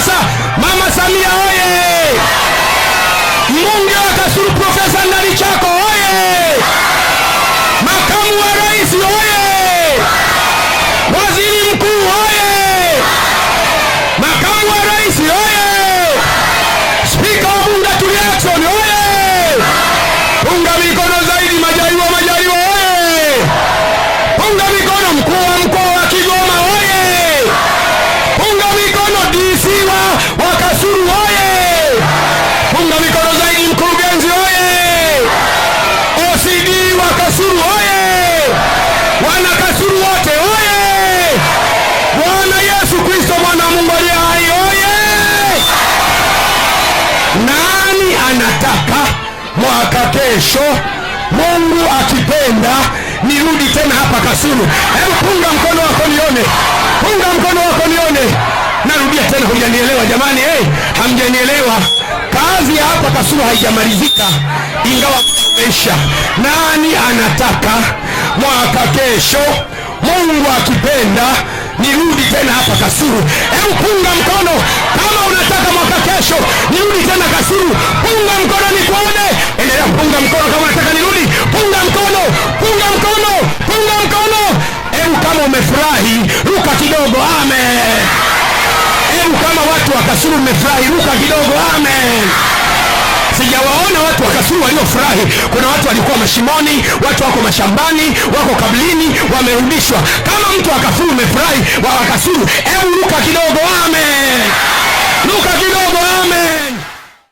上。Nani anataka mwaka kesho, Mungu akipenda, nirudi tena hapa Kasulu? Hebu punga mkono wako nione, punga mkono wako nione. Narudia tena, hujanielewa jamani? Hey, eh? hamjanielewa. Kazi ya hapa Kasulu haijamalizika ingawa mesha Nani anataka mwaka kesho, Mungu akipenda, nirudi tena hapa Kasulu? Hebu punga mkono nataka mwaka kesho nirudi tena kasiru Punga mkono ni kuone endelea punga mkono kama nataka nirudi. Punga mkono, punga mkono, punga mkono. Hebu kama umefurahi, ruka kidogo, amen. Hebu kama watu wa Kasulu mmefurahi, ruka kidogo, amen sijawaona watu wa Kasulu waliofurahi. Kuna watu walikuwa mashimoni, watu wako mashambani, wako kablini, wamerudishwa. Kama mtu wa Kasulu umefurahi, wa Kasulu, hebu ruka kidogo, amen.